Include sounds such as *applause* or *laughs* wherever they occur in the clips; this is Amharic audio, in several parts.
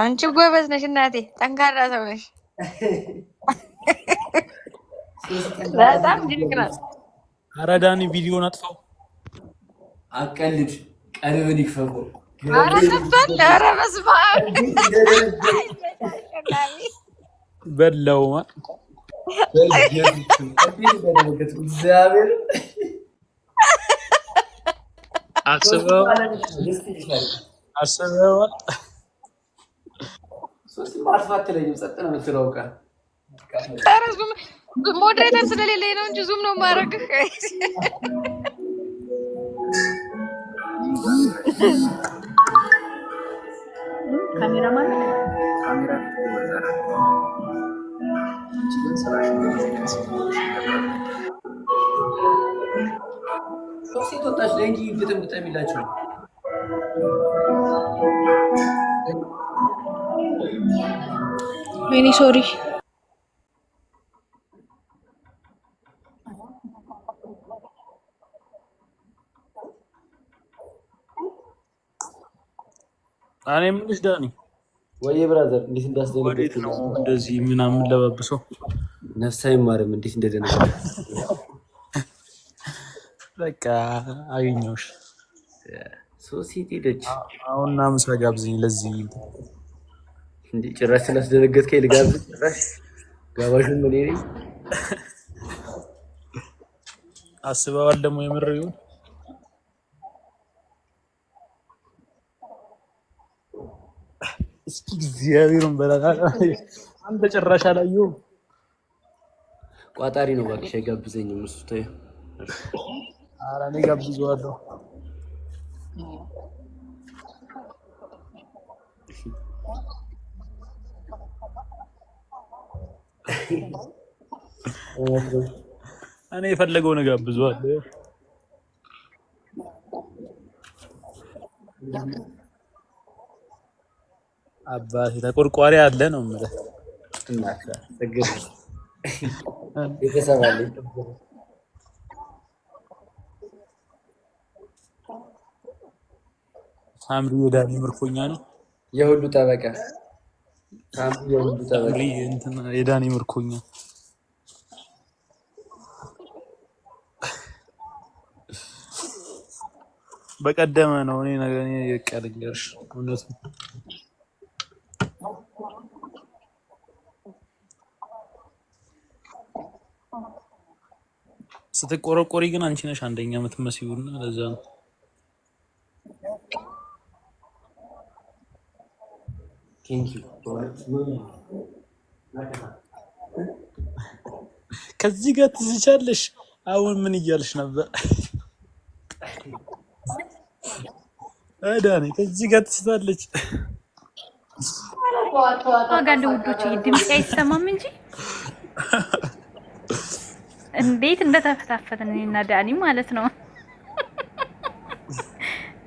አንቺ ጎበዝ ነሽ እናቴ፣ ጠንካራ ሰው ነሽ። በጣም ድንቅ ናት። ኧረ ዳኒ ቪዲዮን አጥፋው፣ አቀልድ ቀልብን ይክፈቁ። ኧረ ነበር ኧረ በስመ አብ በለውማ እግዚአብሔር አስበው አስበዋል ሶስቲም አልፋ አትለኝም። ሞዴሬተር ነው እንጂ ዙም ነው ማድረግህ። ሶስት ወጣች ለእንጂ ብጥም ብጠም ይላቸዋል ወይኔ ሶሪ። እኔ የምልሽ ዳኒ ወይ ብራዘር እንዴት እንዳስደነገጥኩ ነው እንደዚህ ምናምን ለባብሰው ነፍሳይ ማርም እንዴት እንደደነገጥኩ በቃ አገኘሁሽ። ሶሲ ሄደች። አሁን ምሳ ጋብዝኝ ለዚህ እንዴ ጭራሽ ስላስደነገጥከኝ ልጋብዝ። ጭራሽ ጋባዡን ምን ይሪ አስበዋል። ደግሞ የምር ይሁን እስኪ እግዚአብሔርን በላላ አንተ ጭራሽ አላየሁም። ቋጣሪ ነው እባክሽ፣ አይጋብዘኝም እሱ ተይው። ኧረ እኔ ጋብዘዋለሁ። *laughs* እኔ የፈለገው ነገር ብዙ አለ። ተቆርቋሪ አለ ነው የምልህ። ሳምሪ የዳኒ ምርኮኛ ነው የሁሉ ጠበቃ የዳኒ ምርኮኛ በቀደመ ነው። እኔ ነገር እኔ እውነት ነው። ስትቆረቆሪ ግን አንቺ ነሽ አንደኛ የምትመስዪውና ለዛ ነው። ከዚህ ጋር ትዝቻለሽ? አሁን ምን እያልሽ ነበር? አዳኔ ከዚህ ጋር ትስታለች። ዋጋለ ውዶች፣ ድምፅ አይሰማም እንጂ እንዴት እንደተፈታፈትን እኔና ዳኒ ማለት ነው።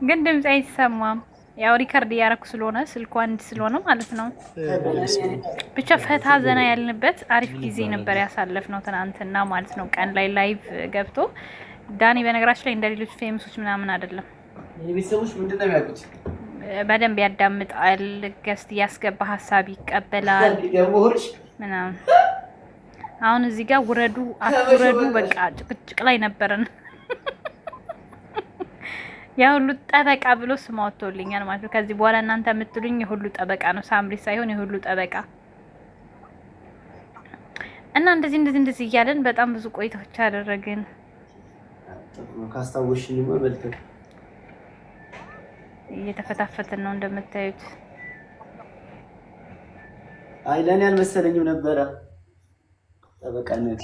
ግን ድምፅ አይሰማም። ያው ሪከርድ እያረኩ ስለሆነ ስልኩ አንድ ስለሆነ ማለት ነው። ብቻ ፈታ ዘና ያልንበት አሪፍ ጊዜ ነበር ያሳለፍ ነው ትናንትና ማለት ነው። ቀን ላይ ላይቭ ገብቶ ዳኒ፣ በነገራችን ላይ እንደሌሎች ፌምሶች ምናምን አይደለም። ቤተሰቦች ምንድን ነው የሚያውቁት? በደንብ ያዳምጣል። ገስት እያስገባ ሀሳብ ይቀበላል ምናምን። አሁን እዚህ ጋር ውረዱ አትውረዱ በቃ ጭቅጭቅ ላይ ነበረን። የሁሉ ጠበቃ ብሎ ስም አወጥቶልኛል ማለት ነው። ከዚህ በኋላ እናንተ የምትሉኝ የሁሉ ጠበቃ ነው፣ ሳምሪ ሳይሆን የሁሉ ጠበቃ እና እንደዚህ እንደዚህ እንደዚህ እያለን በጣም ብዙ ቆይታዎች አደረግን። ካስታወሽኝማ እየተፈታፈትን ነው እንደምታዩት። አይ ለእኔ አልመሰለኝም ነበረ ጠበቃነት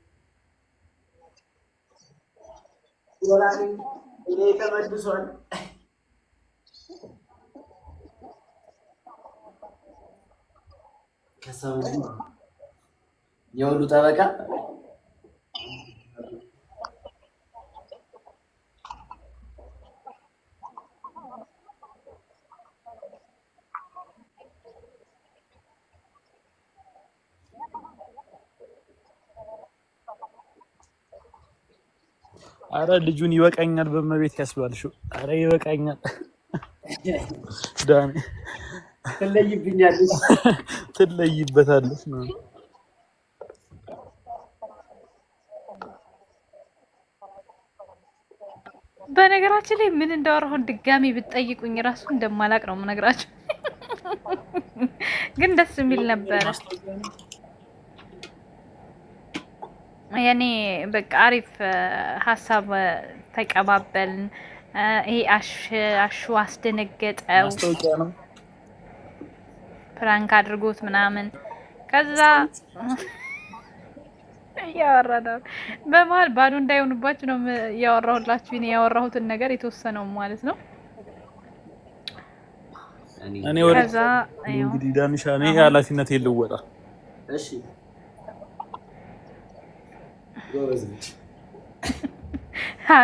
እኔ ተመልሷል። ከሰው የሁሉ ጠበቃ አረ ልጁን ይበቃኛል በመቤት ያስባል። አረ ይበቃኛል፣ ትለይበታለች ነው በነገራችን ላይ ምን እንዳወራሁ ድጋሚ ብትጠይቁኝ ራሱ እንደማላቅ ነው የምነግራችሁ፣ ግን ደስ የሚል ነበረ። የኔ በቃ አሪፍ ሀሳብ ተቀባበልን። ይሄ አሹ አስደነገጠው ፕራንክ አድርጎት ምናምን ከዛ እያወራ በመሀል ባዶ እንዳይሆንባችሁ ነው እያወራሁላችሁ እኔ ያወራሁትን ነገር የተወሰነው ማለት ነው። እኔ ወደ ዳንሻ እኔ ኃላፊነት የለወጣ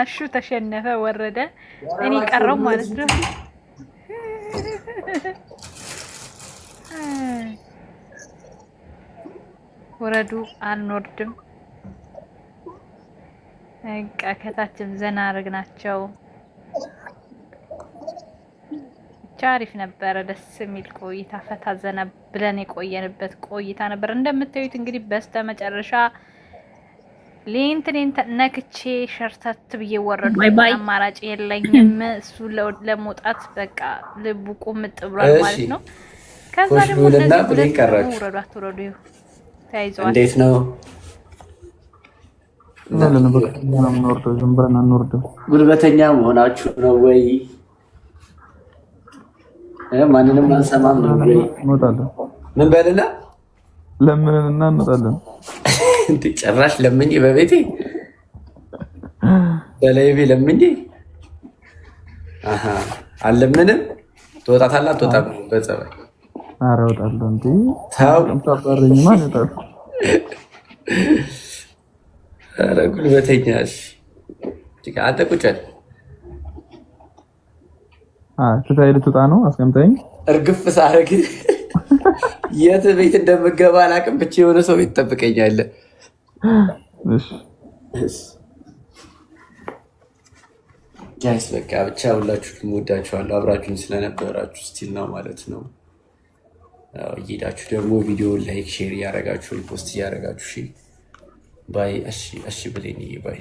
እሹ ተሸነፈ፣ ወረደ፣ እኔ ቀረው ማለት ነው። ወረዱ፣ አንወርድም። በቃ ከታችም ዘና አረግናቸው። ብቻ አሪፍ ነበረ። ደስ የሚል ቆይታ ፈታ ዘና ብለን የቆየንበት ቆይታ ነበር። እንደምታዩት እንግዲህ በስተ መጨረሻ ሌንትኔን ነክቼ ሸርተት ብዬ ወረዱ። አማራጭ የለኝም። *laughs* እሱ ለመውጣት በቃ ልቡ ቁምጥ ብሏል ማለት ነው። ከዛ ደግሞ እነዚህ ሁለት ውረዱ አትውረዱ ተያይዘዋል። እንዴት ነው? ጉልበተኛ መሆናችሁ ነው ወይ? ማንንም አንሰማም ነው ወይ? ምን በልና ለምንንና እንወጣለን ጭራሽ ለምኜ በቤቴ በላይቤ ለምኜ አልለምንም። ትወጣታለህ አትወጣም? በጸባይ ኧረ እወጣለሁ። እንደ ታባረኝማ እወጣለሁ። ኧረ ጉልበተኛ አንተ ቁጭ በል። ትታይ ልትወጣ ነው። አስቀምጠኝ እርግፍ ሳረግ የት ቤት እንደምገባ አላውቅም። ብቻ የሆነ ሰው ቤት ትጠብቀኛለህ። ጋይስ በቃ ብቻ ሁላችሁም ወዳችኋለሁ። አብራችሁን ስለነበራችሁ ስቲል ነው ማለት ነው። እየሄዳችሁ ደግሞ ቪዲዮ ላይክ፣ ሼር እያደረጋችሁ ፖስት እያረጋችሁ ባይ። እሺ፣ እሺ ባይ